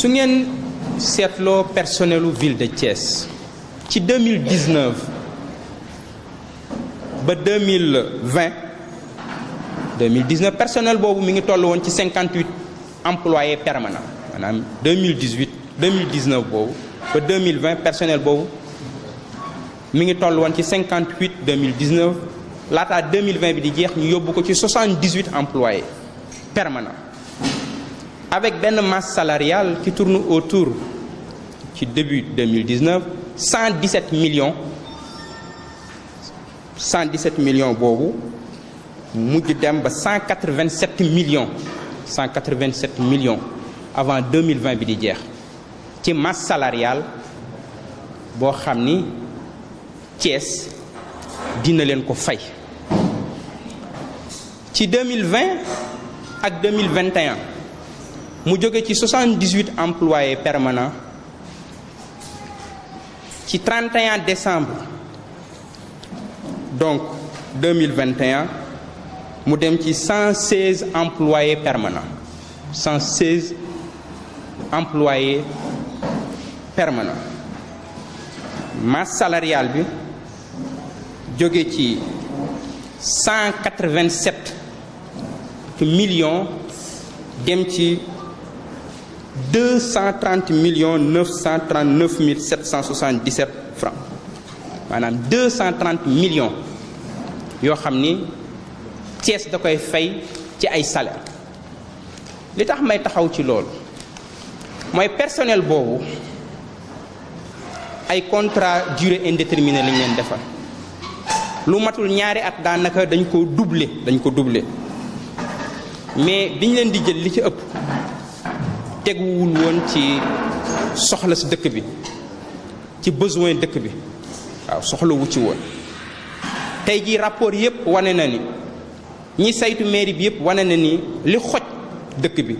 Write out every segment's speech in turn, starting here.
su ngeen seetloo personnelu ville de Thiès ci 2019 ba 2020 2019 personnel boobu mi ngi toll woon ci 58 employés permanents maanaam 2018 2019 boobu ba 2020 personnel boobu mi ngi toll woon ci 58 2019 laataa 2020 bi di jeex ñu yóbbu ko ci 78 employés permanents avec benn masse salariale qui tourne autour ci début million 117 millions 117 millions boobu mujj dem ba 187 millions 187 millions avant 2020 bi di jeex ci masse salariale boo xam ni Thiès dina leen ko fay ci 2020 ak 2021 mu jóge ci 78 employés permanents ci 31 décembre donc 2021 mu dem ci 116 employés permanents 116 employés permanents masse salariale bi jóge ci 187 millions dem ci deux cent trente millions neuf cent trente neuf mille sept cent soixante dix sept francs maanaam deux cent trente millions yoo xam ni Thiès da koy fay ci ay salaire li tax may taxaw ci loolu mooy personnel boobu ay contrat durée indéterminée lañ leen defar lu matul ñaari at daanaka dañ ko doubler dañ ko duble mais biñ leen di jël li ci ëpp teguwul woon ci soxla dëkk bi ci besoin dëkk bi waaw soxlawu ci woon tey jii rapport yëpp wane na ni ñi saytu mairie bi yëpp wane na ni li xoj dëkk bi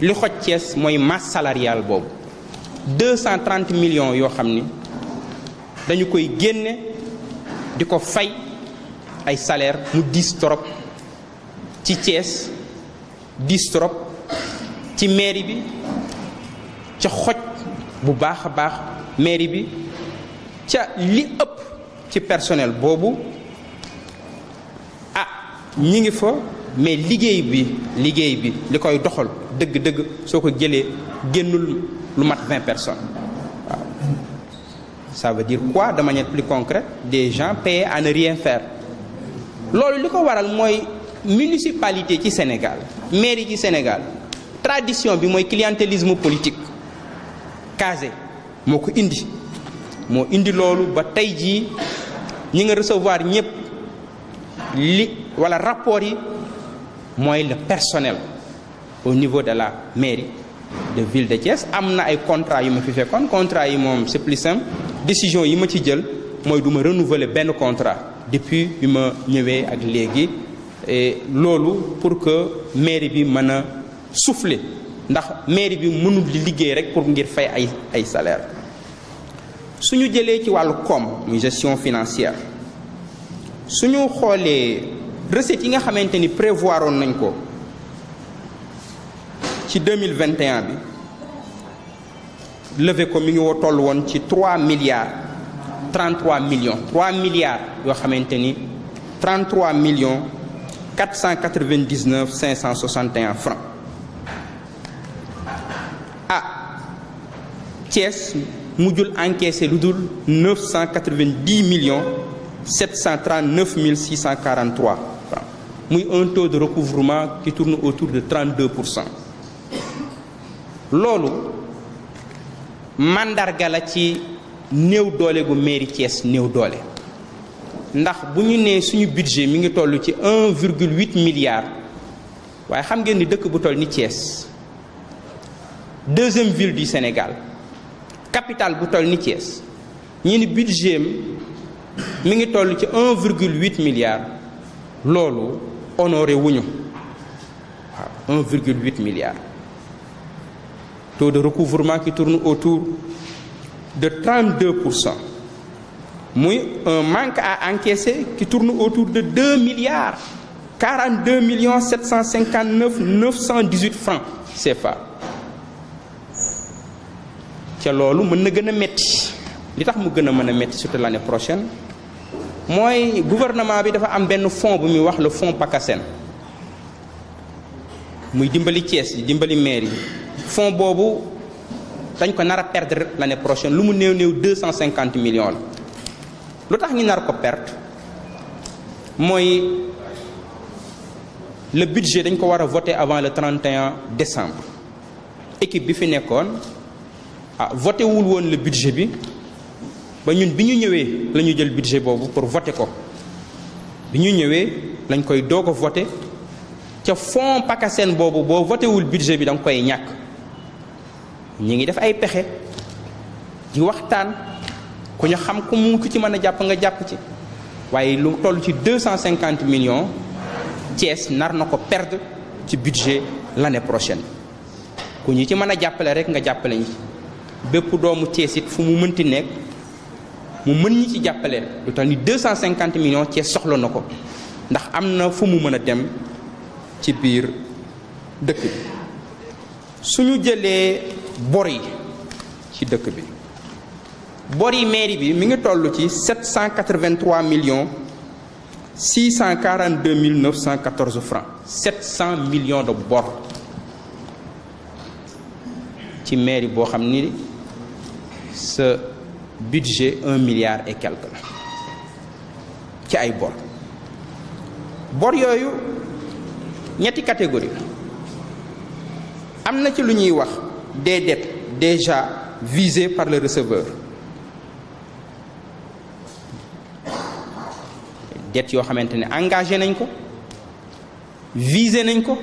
li xoj Thiès mooy masse salariale boobu 230 millions yoo xam ni dañu koy génne di ko fay ay salaire mu diis trop ci Thiès diis trop ci mairie bi ca xoj bu baax a baax mairie bi ca li ëpp ci personnel boobu ah ñi ngi fa mais liggéey bi liggéey bi li koy doxal dëgg-dëgg soo ko jëlee génn lu mat vingt personnes waaw ça veut dire quoi de manière plus concrète des gens payés à ne rien faire loolu li ko waral mooy municipalité ci Sénégal mairie ci Sénégal tradition bi mooy clientélisme politique casé moo ko indi moo indi loolu ba tey jii ñi nga recevoir ñëpp li walla rapport yi mooy le personnel au niveau de la mairie de ville de Thiès am na ay contrat yu ma fi fekkoon contrat yi moom c'est plus simple décision yi ma ci jël mooy du ma renouveler benn contrat depuis bi ma ñëwee ak léegi loolu pour que mairie bi mën a souffler ndax mairie bi mënul di liggéey rek pour ngir fay ay ay salaire suñu jëlee ci wàllu koom muy gestion financière suñu xoolee recettes yi nga xamante ni prévoir woon nañ ko ci 2021 bi levé ko mu ngi woo toll woon ci 3 milliards 33 millions 3 milliards yoo xamante ni 33 millions 499 561 francs cees mu jul encaissé lu dul 990 millions 739 mille 643 francs muy un taux de recouvrement qui tourne autour de 32 pour cent loolu màndarga la ci néew doole bu mairie Thiès néew doole ndax bu ñu nee suñu budget mi ngi toll ci 1,8 milliard waaye xam ngeen ni dëkk bu toll ni Thiès deuxième ville du Sénégal capital bu toll ni Thiès ñi ni budget mu ngi toll ci 1,8 milliard loolu honoré wuñu waaw 1,8 milliard taux de recouvrement qui tourne autour de 32 pour cent muy un manque à encaisser qui tourne autour de 2 milliards 42 millions 759 918 francs CFA ca loolu mën na gën a métti li tax mu gën a mën a métti surtout l'année prochaine mooy gouvernement bi dafa am benn fonds bu muy wax le fonds PACASEN muy dimbali Thiès di dimbali maire yi fonds boobu dañ ko nar a la ne prochaine lu mu néew néew deux cent cinquante millions la lu tax ñu nar ko perte mooy le budget dañ ko war a voter avant le 31 décembre équipe bi fi nekkoon ah voté wul woon le budget bi ba ñun bi ñu ñëwee la ñu jël budget boobu pour voté ko bi ñu ñëwee lañ koy doog a voté ca fond PACASEN boobu boo voté wul budget bi da nga koy ñàkk ñu ngi def ay pexe di waxtaan ku ñu xam ku mu ku ci mën a jàpp nga jàpp ci waaye lu toll ci deux cent cinquante millions Thiès nar na ko perdre ci budget l'année prochaine ku ñu ci mën a jàppale rek nga jàppale ñi bépp doomu Thiès fu mu mënti nekk mu mën ñi ci jàppale lu tax ni 250 millions Thiès soxla na ko ndax am na fu mu mën a dem ci biir dëkk bi suñu jëlee bor yi ci dëkk bi bor yi mairie bi mi ngi toll ci 783 millions 642 mille 914 francs 700 millions de bor ci mairie boo xam ni sa budget un milliard et quelque la ci ay bor bor yooyu ñetti catégorie am na ci lu ñuy wax des dettes déjà visées par le receveur dettes yoo xamante ne engagé nañ ko visé nañ ko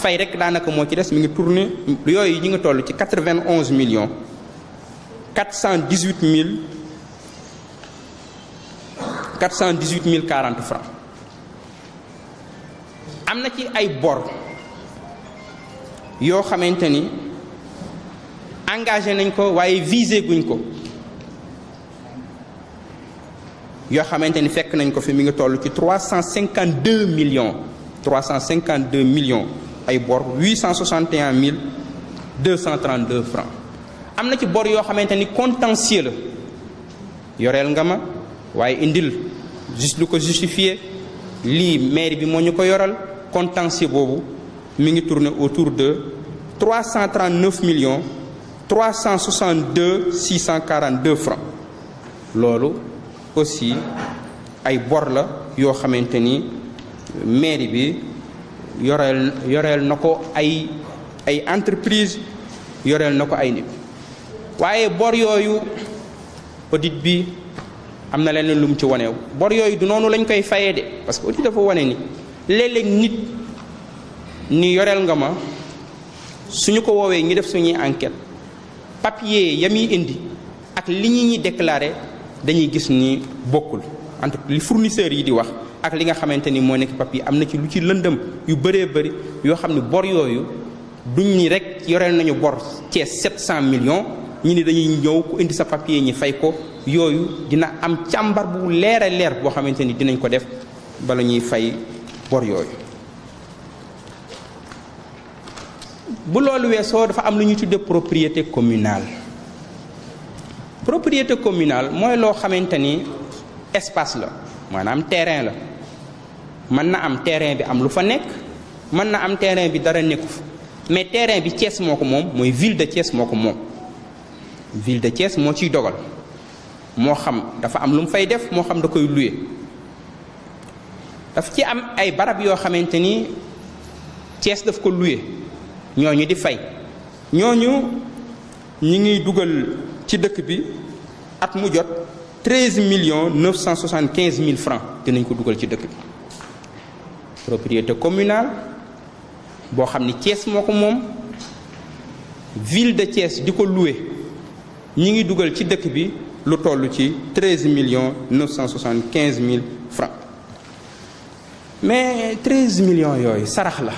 fay rek daanaka moo ci des mi ngi tourné yooyu ñu ngi toll ci quatre-vingt-onze millions quatre cent dix huit mille quatre cent dix huit mille quarante francs am na ci ay bor yoo xamante ni engagé nañ ko waaye visé guñ ko yoo xamante ni fekk nañ ko fi mi ngi toll ci trois cent cinquante deux millions trois cent cinquante deux millions ay bor huit cent soixante et mille deux cent trente deux francs am na ci bor yoo xamante ni contentieux la yoreel nga ma waaye indil juste lu ko justifié lii maire bi moo ñu ko yoral contentieux boobu mi ngi tourner autour de 339 millions 362 642 francs loolu aussi ay bor la yoo xamante ni mairie bi yoreel yoreel na ko ay ay entreprise yoreel na ko ay nit waaye bor yooyu audit bi am na leen lu mu ci wane bor yooyu du noonu lañ koy fayee de parce que audit dafa wane ni léeg-léeg nit ni yoreel nga ma suñu ko woowee ñu def suñuy enquête papier ya muy indi ak li ñu ñuy déclaré dañuy gis ni bokkul entre li fournisseurs yi di wax ak li nga xamante ni moo nekk papier am na ci lu ci lëndëm yu bëree bëri yoo xam ne bor yooyu duñ ni rek yoreel nañu bor Thiès 700 millions. ñi ni dañuy ñëw ku indi sa papier ñi fay ko yooyu dina am càmbar bu leer leer boo xamante ni dinañ ko def bala ñuy fay bor yooyu bu loolu weesoo dafa am lu ñuy tudde propriété communale propriété communal mooy loo xamante ni espace la maanaam terrain la mën na am terrain bi am lu fa nekk mën na am terrain bi dara nekku fa mais terrain bi cees moo ko moom mooy ville de Thiès moo ko moom ville de Thiès moo ciy dogal moo xam dafa am lu mu fay def moo xam da koy luye daf ci am ay barab yoo xamante ni Thiès daf ko ñoo ñu di fay ñoo ñooñu ñu ngi dugal ci dëkk bi at mu jot treize million neuf cent soixante quinze mille francs dinañ ko dugal ci dëkk bi propriété communale boo xam ni Thiès moo ko moom ville de Thiès di ko luwe ñi ngi dugal ci dëkk bi lu toll ci treize millions neuf cent soixante quinze mille francs mais treize millions yooyu sarax la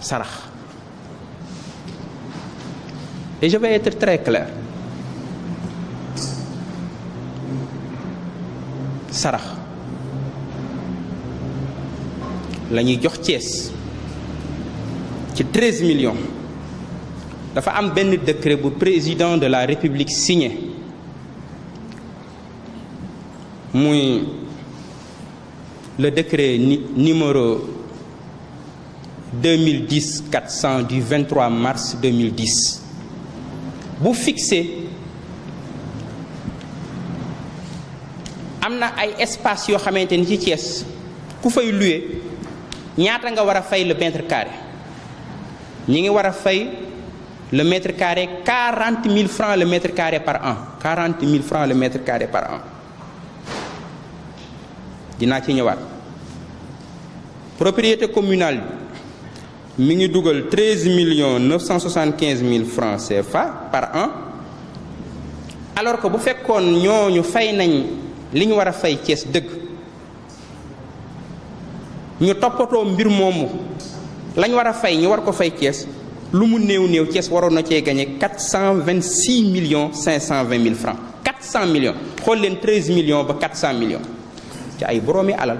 sarax et je vais être très clair sarax la ñuy jox Thiès ci treize millions. dafa am benn décret bu président de la république signé muy le décret numéro 2010 400 du 23 mars 2010 bu fixé am na ay espace yoo xamante ni ci Thiès ku fay louer ñaata nga war a fay le mètre carré ñi ngi war a fay le mètre carré 40 000 francs le mètre carré par an 40 000 francs le mètre carré par an dinaa ci ñëwaat propriété communal bi mu ngi dugal 13 millions 975 mille francs CFA par an alors que bu fekkoon ñooñu fay nañ li ñu war a fay Cees dëgg ñu toppatoo mbir moomu lañu war a fay ñu war ko fay Cees lu mu néew néew cees waroon na cee gagné quatre cent vingt six millions cinq cent vingt mille francs quatre cent millions xool leen treize ba quatre cent ci ay boroomi alal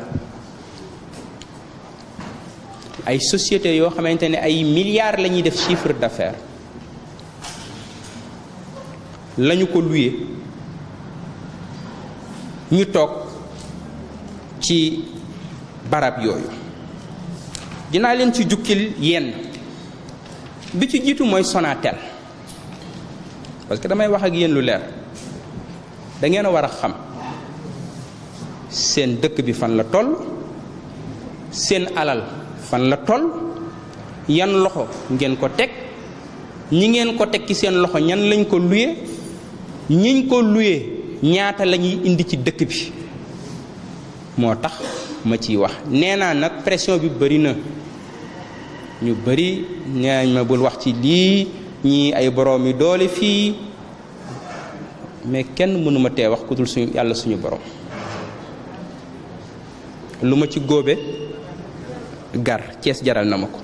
ay société yoo xamante ne ay milliards la ñuy def chiffre d'affaires lañu ko luye ñu toog ci barab yooyu dinaa leen ci jukkil yenn bi ci jiitu mooy Sonatel parce que damay wax ak yéen lu leer dangeen a war a xam seen dëkk bi fan la toll seen alal fan la toll yan loxo ngeen ko teg ñi ngeen ko teg ci seen loxo ñan lañ ko luye ñiñ ko luye ñaata la ñuy indi ci dëkk bi moo tax ma ciy wax nee naa nag pression bi bari na. ñu bëri ñaañ ma bul wax ci lii ñii ay borom yu doole fii mais kenn mënuma tee wax ku dul suñu yàlla suñu borom lu ma ci góobe gar cees jaral na ma ko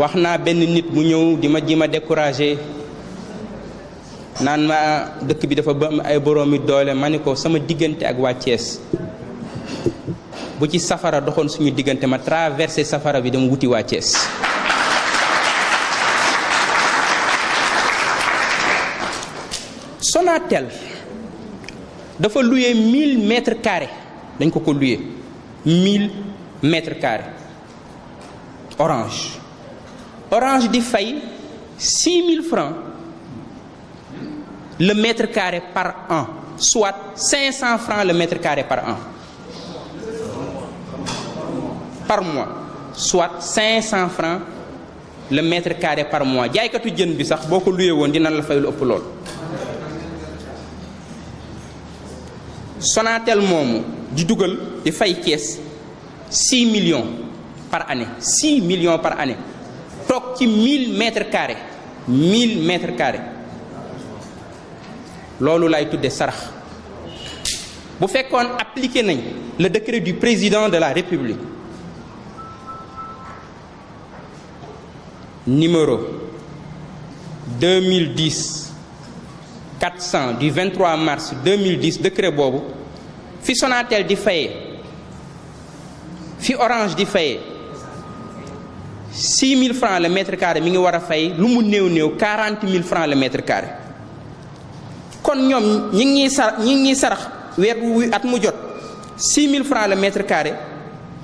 wax naa benn nit mu ñëw di ma ji ma découragé naan ma dëkk bi dafa ba ay boroomi doole ma ni ko sama diggante ak wàccees bu ci safara doxoon suñu diggante ma traversé safara bi dama wuti waa Thiès dafa loué 1000 mètres carrés dañ ko ko loué 1000 mètres carrés orange orange di fay 6000 francs le mètre carré par an soit 500 francs le mètre carré par an par mois soit 500 francs le mètre carré par mois jaaykatu jën bi sax boo ko luyee woon dina la fay lu ëpp lool. Sonatel moomu di dugal di fay Thiès 6 million par année 6 million par année toog ci mille mètres carré mille mètres carrés. loolu lay tudde sarax bu fekkoon appliqué nañ le décret du président de la république numéro 2010 400 du 23 mars 2010 décret boobu fi Sonatel di fayee fi Orange di fayee 6000 francs le mètre carré mi ngi war a fay lu mu néew néew 40 000 francs le mètre carré kon ñoom ñi ngi ñuy sar ngi sarax weer wu at mu jot 6000 francs le mètre carré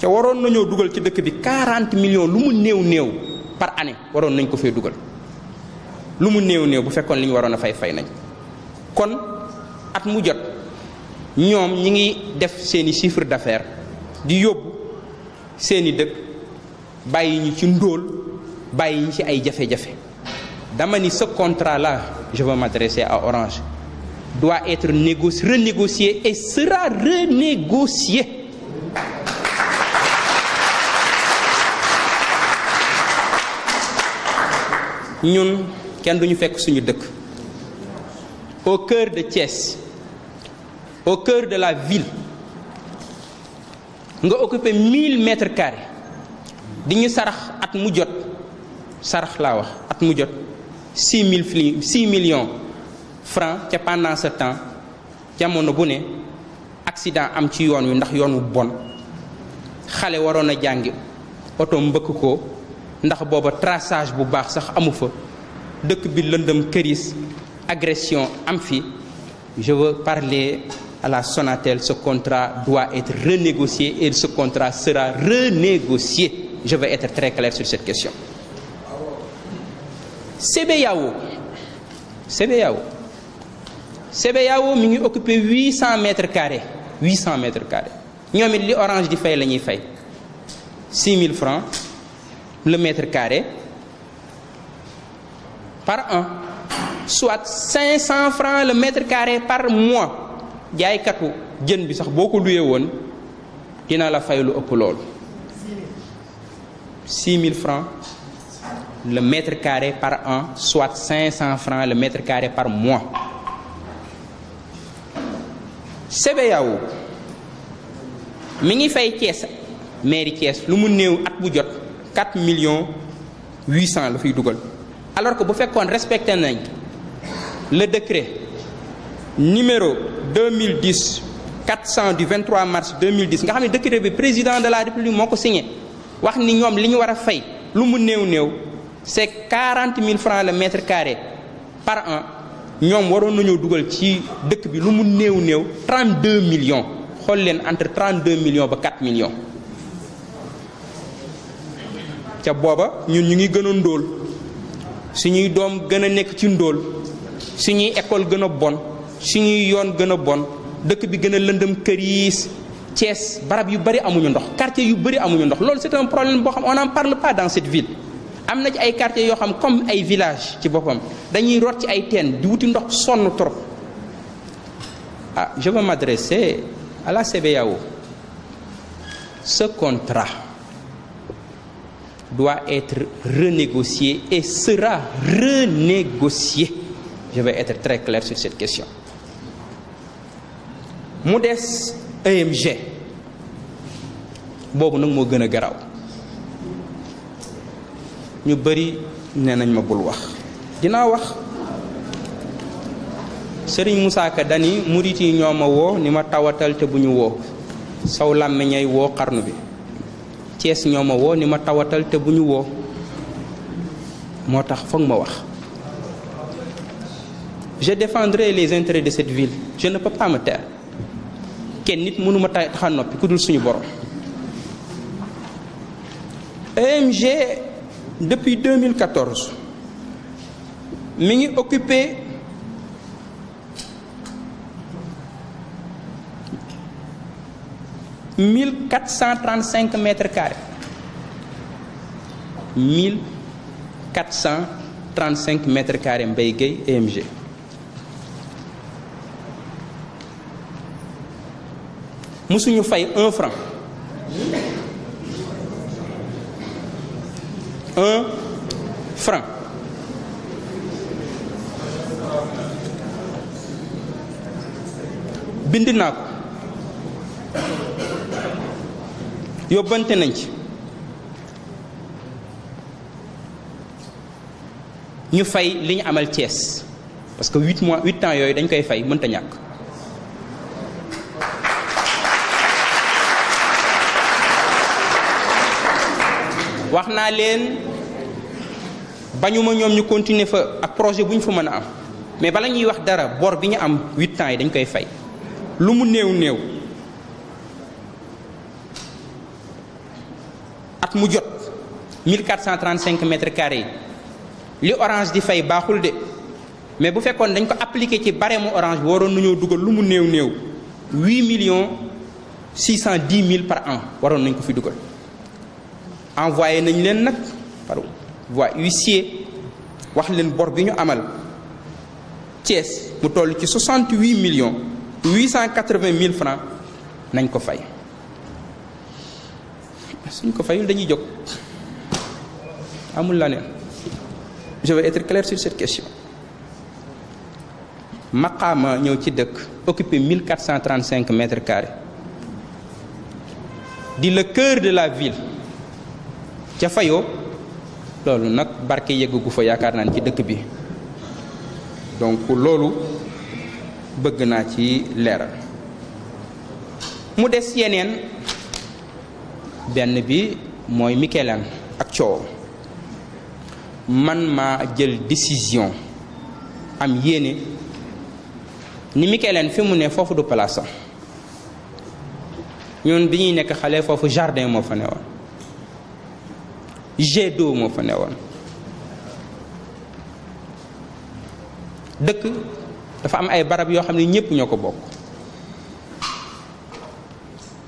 ca waroon nañoo dugal ci dëkk bi 40 millions lu mu néew néew par année waroon nañ ko fee dugal lu mu néew néew bu fekkoon li ñu waroon a fay fay nañ kon at mu jot ñoom ñi ngi def seeni chiffre d'affaires di yóbbu seeni dëkk bàyyi ñu ci ndóol bàyyi ñu ci ay jafe-jafe dama ni ce contrat là je veux à Orange doit être négocié, renégocié et sera renégocié. ñun kenn ñu fekk suñu dëkk au cœur de Thiès au cœur de la ville nga occupé 1000 mètres carrés di ñu sarax at mu jot sarax laa wax at mu jot 6 000 6 millions. franc ca pendant temps jamono bu ne accident am ci yoon wi ndax yoon wu bon xale waroon a jàngi oto mbëkk ko ndax booba traçage bu baax sax amu fa dëkk bi lëndëm këris agression am fi je veux parler à la Sonatel ce contrat doit être renégocié et ce contrat sera renégocié je vais être très clair sur cette question CBAO CBAO CBAO mi ngi occupé 800 mètres carrés 800 mètres carrés ñoom it li orange di fay la ñuy fay 6000 francs le mètre carré par an soit 500 francs le mètre carré par mois jaaykatu jën bi sax boo ko luyee woon dina la fay lu ëpp loolu 6000 francs le mètre carré par an soit 500 francs le mètre carré par mois. CBAO mu ngi fay Thiès mairie Thiès lu mu néew at bu jot 4 millions 800 la fiy dugal alors que bu fekkoon respecté nañ le décret numéro 2010 400 du 23 mars 2010 nga xam ne décret bi président de la république moo ko signé wax ni ñoom li ñu war a fay lu mu néew néew c'est 40 mille francs le mètre carré par an. ñoom waroon nañoo dugal ci dëkk bi lu mu néew néew 32 millions xool leen entre 32 millions ba 4 millions ca booba ñun ñu ngi gën a su ñuy doom gën a nekk ci ndóol su ñuy école gën a su ñuy yoon gën a bon dëkk bi gën a lëndëm këriis Thiès barab yu bari amuñu ndox quartier yu bari amuñu ndox loolu c'est un problème boo xam on n'en parle pas dans cette ville am na ci ay quartiers yoo xam comme ay village ci boppam dañuy root ci ay teen di wuti ndox sonn trop ah je veux m'adresser à la CBAO ce contrat doit être renégocié et sera renégocié je vais être très clair sur cette question mu des EMG boobu nag moo gën a garaaw ñu bëri nee nañ ma bul wax dinaa wax sëriñ Moussa Ka dani murit yi ñoo ma woo ni ma tawatal te bu ñu woo saw làmmiñay woo xarnu bi Cees ñoo ma woo ni ma tawatal te bu ñu woo moo tax foog ma wax je défendrai les intérêts de cette ville je ne peux pas me kenn nit mënuma taxa noppi ku dul suñu borom EMG depuis 2014 mi ngi occupé mille quatre cent trente cinq mètres carrés mille quatre cent trente cinq mètres carrés Mbaye Gueye EMG musuñu fay un franc un franc bind naa ko yóbbante nañ ci ñu fay li ñu amal cees parce que huit mois huit ans yooyu dañ koy fay mënta ñàkk wax naa leen bañuma ñoom ñu continuer fa ak projet bu ñu fa mën a am mais bala ñuy wax dara bor bi ñu am huit ans yi dañ koy fay lu mu néew néew at mu jot 1435 mètres carrés yi li orange di fay baaxul de mais bu fekkoon dañ ko appliqué ci barème mu orange bi waroon nañoo dugal lu mu néew néew 8 millions 610 mille par an waroon nañ ko fi dugal envoyé nañ leen nag par voie wax leen bor bi ñu amal Thiès mu toll ci cent millions 880 mille francs nañ ko fay suñ ko fayul dañuy jog amul la neen je vais être clair sur cette question maqaama ñëw ci dëkk occupé 1435 mètres carrés di le cœur de la ville ca fayoo loolu nag barke yëggu fa yaakaar naan ci dëkk bi donc loolu bëgg naa ci leeral mu des yeneen benn bi mooy Mikelaan ak coow man maa jël décision am yéene ni Mikelaan fi mu ne foofu du palaasam ñun bi ñuy nekk xale foofu jardin moo fa ne woon G2 moo fa newoon dëkk dafa am ay barab yoo xam ne ñépp ñoo ko bokk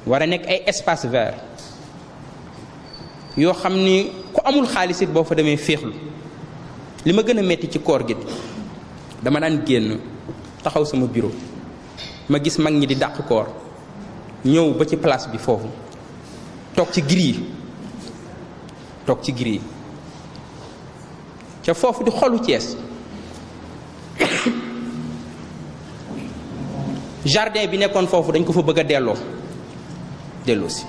war a nekk ay espace vert yoo xam ni ku amul xaalisit boo fa demee féexlu li ma gën a metti ci koor gi dama daan génn taxaw sama biro ma gis mag ñi di dàq koor ñëw ba ci place bi foofu toog ci gris toog ci giri ca foofu di xolu Cees jardin bi nekkoon foofu dañ ko fa bëgg a delloo delloo si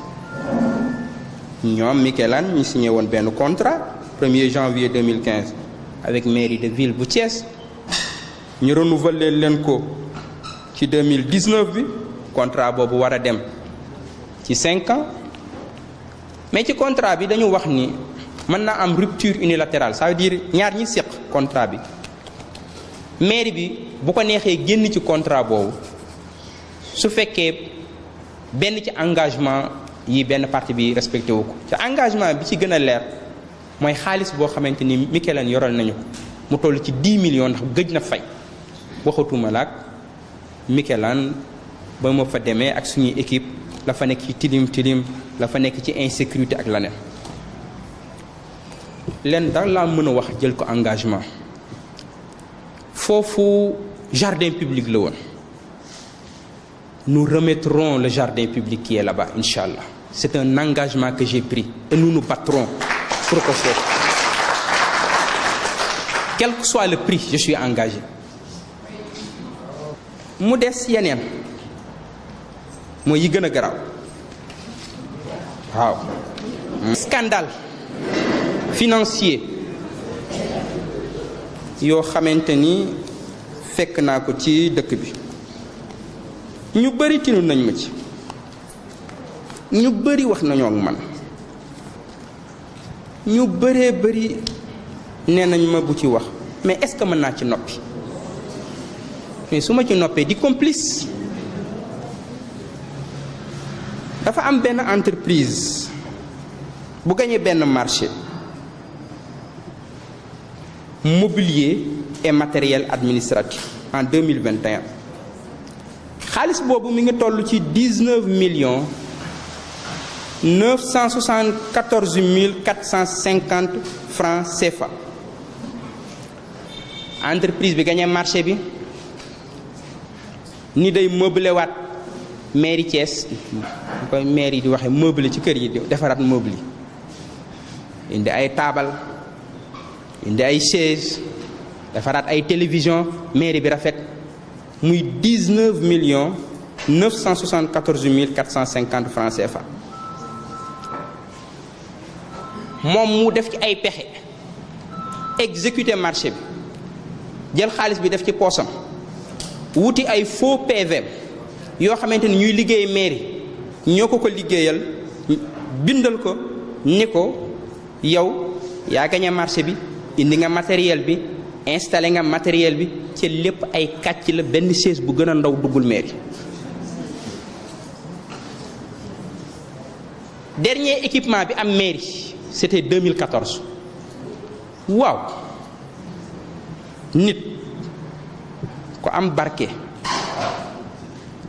ñoom Mikelan ñu signé woon benn contrat 1er janvier 2015 avec mairie de ville bu Thiès ñu renouvelle leen ko ci 2019 bi contrat boobu war a dem ci cinq ans mais ci contrat bi dañu wax ni mën naa am rupture unilatérale ça veut dire ñaar ñi séq contrat bi mairie bi bu ko neexee génn ci contrat boobu su fekkee benn ci engagement yi benn parti bi respecté wu ko ci engagement bi ci gën a leer mooy xaalis boo xamante ni Mikelan yoral nañu ko mu toll ci 10 million ndax gëj na fay waxatuma laak Mikelan ba ma fa demee ak suñuy équipe la fa nekk ci tilim tilim la fa nekk ci insécurité ak leneen leen dara laa mën a wax jël ko engagement foofu jardin public la woon nous remettrons le jardin public qui la ba bas allah c'est un engagement que j'ai pris et nous nous battrons pour que foofu quel que soit le prix je suis engagé mu des yeneen mooy yi gën a garaaw waaw scandale financier yoo xamante ni fekk naa ko ci dëkk bi ñu bëri tinu nañ ma ci ñu bëri wax nañoo ak man ñu bëree bëri nee nañ ma bu ci wax mais est-ce que mën naa ci noppi mais su ma ci noppee di complice dafa am benn entreprise bu gañee benn marché mobilier et matériel administratif en 2021 xaalis boobu mi ngi toll ci 19 millions 974 mille 450 francs CFA entreprise bi gañe marché bi ni day meublé waat mairie Thiès bu koy mairie di waxee meuble ci kër yi defaraat meuble yi indi ay taabal indi ay chaise defaraat ay télévision mairie bi rafet muy 19 millions 974 mille 450 francs CFA moom mu def ci ay pexe exécuter marché bi jël xaalis bi def ci poosam wuti ay faux PVM yoo xamante ni ñuy liggéey mairie ñoo ko ko liggéeyal bindal ko ni ko yow yaa gañe marché bi indi nga matériel bi installé nga matériel bi ci lépp ay kàcc la benn chaise bu gën a ndaw duggul mairie dernier équipement bi am mairie c'était 2014 waaw nit ku am barke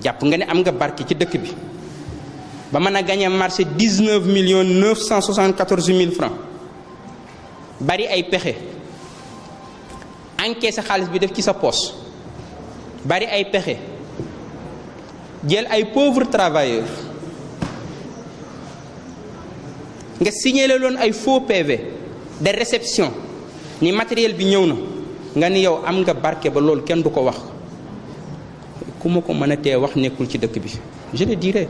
jàpp nga ne am nga barke ci dëkk bi ba mën a gañe marché dix-neuf millions neuf cent soixante-quatorze mille francs bari ay pexe encaissé xaalis bi def ci sa poos bari ay pexe jël ay pauvres travailleurs nga signalé ay faux PV de réception ni matériel bi ñëw na nga ni yow am nga barke ba loolu kenn du ko wax ku ma ko mën a tee wax nekkul ci dëkk bi je le dirai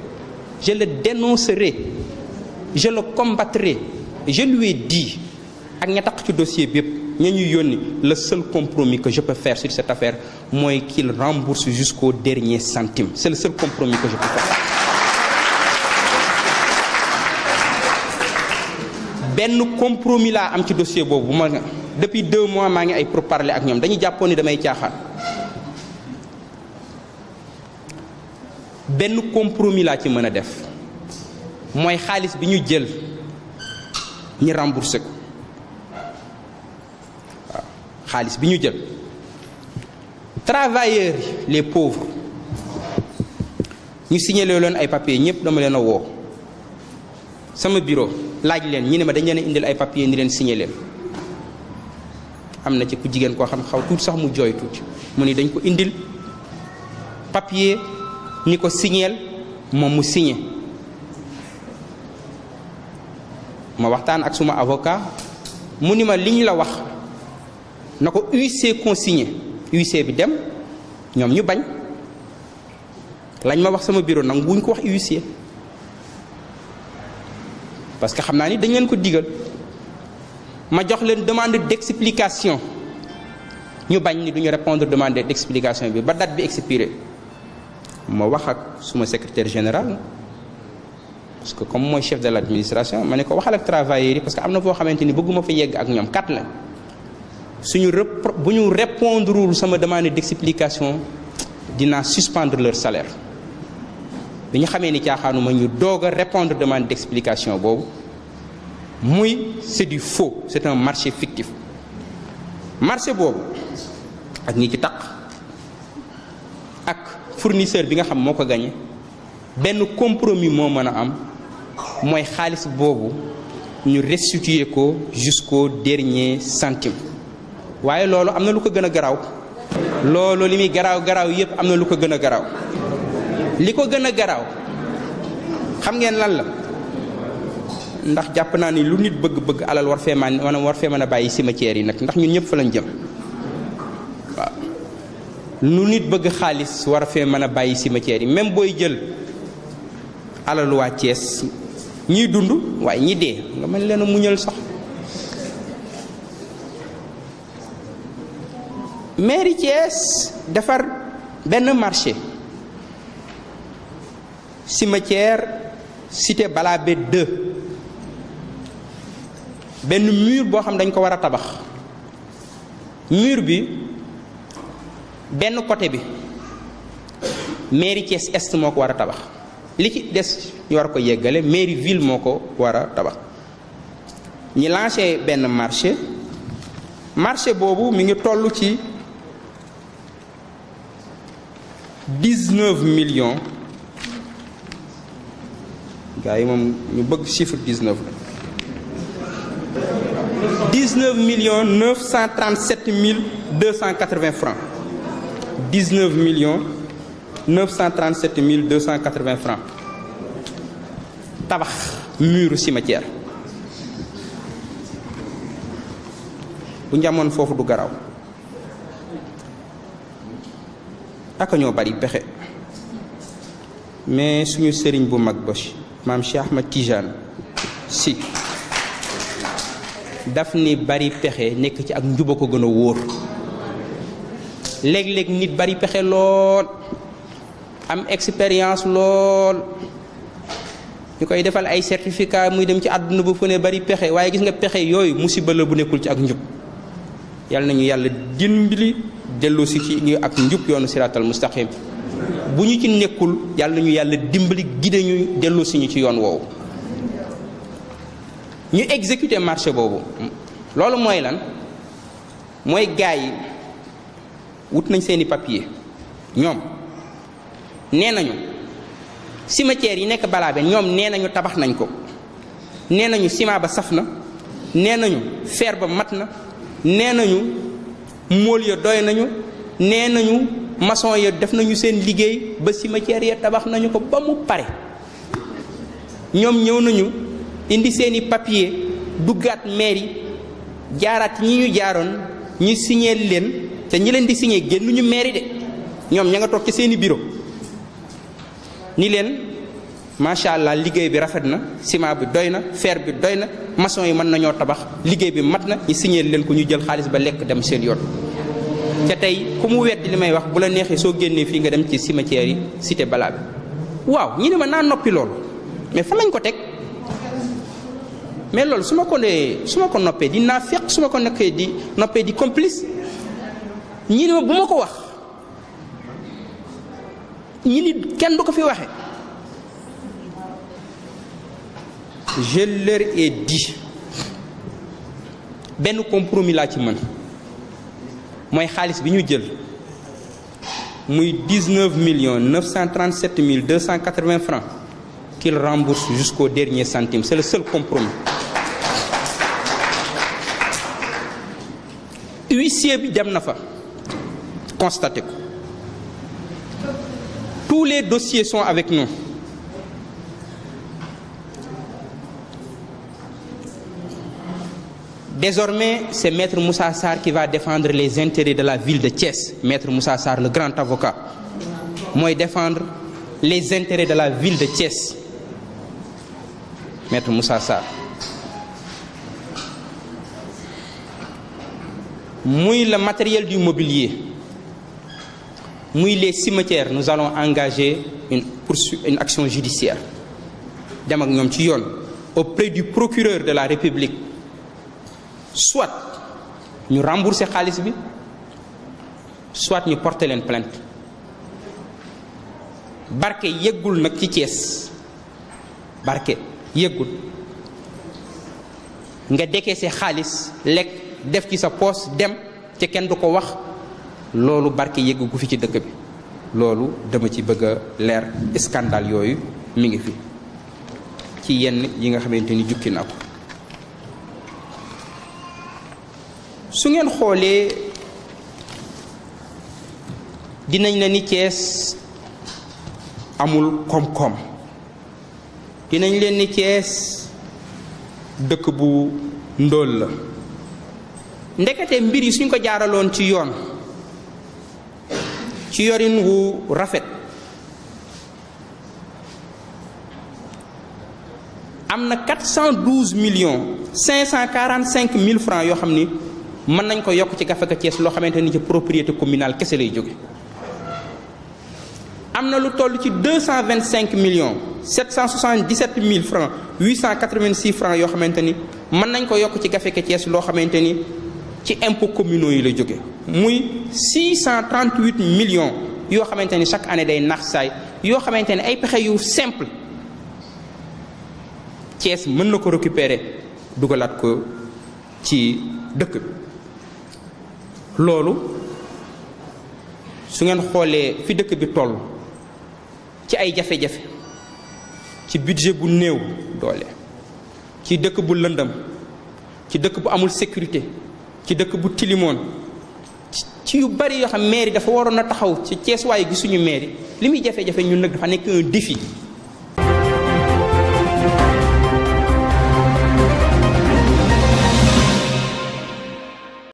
je le dénoncerai je le combattrai je lui ai ak ña tax ci dossier bi yëpp ña ñuy yónni le seul compromis que je peux faire sur cette affaire mooy qu'il rembourse jusqu'au dernier centime c'est le seul compromis que je peux faire benn compromis laa am ci dossier boobu bu ma depuis deux mois maa ngi ay pourparlers ak ñoom dañuy jàppoon ni damay caaxaan benn compromis laa ci mën a def mooy xaalis bi ñu jël ñi remboursé ko waaw xaalis bi ñu jël travailleurs yi les pauvres ñu signalé leen ay papiers ñëpp dama leen a woo sama biro laaj leen ñu ne ma dañ leen a indil ay papiers ni leen signalé am na ci ku jigéen koo xam xaw tuuti sax mu jooy tuuti mu ni dañ ko indil papier. ni ko signeel moom mu signé ma waxtaan ak suma avocat mu ni ma liñ la wax na ko huissier consigné huissier bi dem ñoom ñu bañ lañ ma wax sama bureau nag buñ ko wax huissier parce que xam naa ni dañ leen ko diggal ma jox leen demande d'explication ñu bañ ni duñu répondre demande d'explication bi ba date bi expiré ma wax ak suma secretaire général parce que comme mooy chef de l' administration ma ne ko waxal ak travailleurs yi parce que am na foo xamante ni bëgguma fa yegg ak ñoom kat la suñu rep bu ñu répondrewul sama demande d' explication dinaa suspendre leur salaire bi ñu xamee ni caaxaanuma ñu doog a répondre demande d' explication boobu muy c' est du faux c' est un marché fictif marché boobu ak ñi ci taq fournisseur bi nga xam moo ko gañe benn compromis moo mën a am mooy xaalis boobu ñu restituer ko jusqu'au dernier centime waaye loolu am na lu ko gën a garaaw loolu li muy garaaw garaaw yépp am na lu ko gën a garaaw li ko gën a garaaw xam ngeen lan la ndax jàpp naa ni lu nit bëgg-bëgg alal war fee man war fee mën a bàyyi cimetière yi nag ndax ñun ñëpp fa lañ jëm lu nit bëgg xaalis war a fee mën a bàyyi cimetière yi même booy jël alalu waa ñiy dund waaye ñi dee nga mën leen a muñal sax mairie Thiès defar benn marché cimetière cité Balabé 2 benn mur boo xam dañ ko war a tabax mur bi benn côté bi mairie Thiès est moo ko war a tabax li ci des ñu war ko yeggale mairie ville moo ko war a tabax ñi lancé benn marché marché boobu mi ngi toll ci dix-neuf millions yi moom ñu bëgg chiffre dix-neuf la dix-neuf millions mille deux cent 19 millions 937 mille 280 francs tabax muru cimetière bu njamoon foofu du garaw aka ñoo bari pexe mais suñu sëriñ bu mag ba maam Cheikh ma Tijaan si daf ni bari pexe nekk ci ak njuba ko gën a wóor léeg-léeg nit bari pexe lool am expérience lool ñu koy defal ay certificat muy dem ci àdduna ba fu ne bari pexe waaye gis nga pexe yooyu musiba la bu nekkul ci ak njub yàlla nañu yàlla dimbali delloo si ci ak njub yoonu siraatal mustaqim bu ñu ci nekkul yàlla nañu yàlla dimbali gide ñuy delloo si ñu ci yoon woowu ñu exécuter marché boobu loolu mooy lan mooy gaay wut nañ seeni papier ñoom nee nañu cimetière yi nekk balaabe ñoom nee nañu tabax nañ ko nee nañu ciment ba saf na nee nañu fer ba mat na nee nañu mool ya doy nañu nee nañu mason ya def nañu seen liggéey ba cimetière ya tabax nañu ko ba mu pare ñoom ñëw nañu indi seeni papier duggaat mairie jaaraat ñi ñu jaaroon ñi signé leen te ñi leen di signé génnuñu mairie de ñoom ña nga toog ci seeni bureau ni leen macha allah liggéey bi rafet na ciment bi doy na feer bi doy na maçon yi mën nañoo tabax liggéey bi mat na ñu signé leen ko ñu jël xaalis ba lekk dem seen yoon. te tey ku mu weddi li may wax bu la neexee soo génnee fii nga dem ci cimetière yi site balaa bi waaw ñu ne ma naa noppi loolu mais fan lañ ko teg. mais loolu su ma ko nee su ma ko noppee di naafeq su ma ko nekkee di noppee di complice ñi bu ma ko wax ñi kenn du ko fi waxe je leur ai dit benn compromis laa ci mën mooy xaalis bi ñu jël muy million 19 millions 937 mille 280 francs qu'il rembourse jusqu'au dernier centime c'est le seul compromis huissier bi dem na fa constaté ko tous les dossiers sont avec nous désormais c'est maître Moussa Sarr qui va défendre les intérêts de la ville de Thiès maître Moussa Sarr le grand avocat mooy défendre les intérêts de la ville de Thiès maître Moussa Sarr muy le matériel du mobilier muy les cimetières nous allons engager une poursuite une action judiciaire dem ak ñoom ci yoon auprès du procureur de la république soit ñu rembourser xaalis bi soit ñu porter leen plainte barke yëggul nag ci Thiès barke yëggul nga se xaalis lekk def ci sa poos dem te kenn du ko wax loolu barke yëgg gu fi ci dëkk bi loolu dama ci bëgg a leer scandale yooyu mi ngi fi ci yenn yi nga xamante ni jukki na ko su ngeen xoolee dinañ la ni Cees amul koom-koom dinañ leen ni Cees dëkk bu ndóol la ndekete mbir yi suñ ko jaaraloon ci yoon ci yorin wu rafet am na 412 millions 545 mille francs yoo xam ni mën nañ ko yokk ci Gafaka Thiès loo xamante ni ci propriété communal kese lay jóge am na lu toll ci million 225 millions 777 mille francs 886 francs yoo xamante ni mën nañ ko yokk ci Gafaka Thiès loo xamante ni ci impôts communaux yi la jóge muy 638 millions yoo xamante ni chaque année day nax saay yoo xamante ne ay pexe yu simple Thiès mën na ko récupérer dugalaat ko ci dëkk bi loolu su ngeen xoolee fi dëkk bi toll ci ay jafe-jafe ci budget bu néew doole ci dëkk bu lëndëm ci dëkk bu amul sécurité ci dëkk bu tilimoon ci yu bari yoo xam mairie dafa waroon a taxaw ci ceesuwaay gisuñu suñu li muy jafe-jafe ñun nag dafa nekk un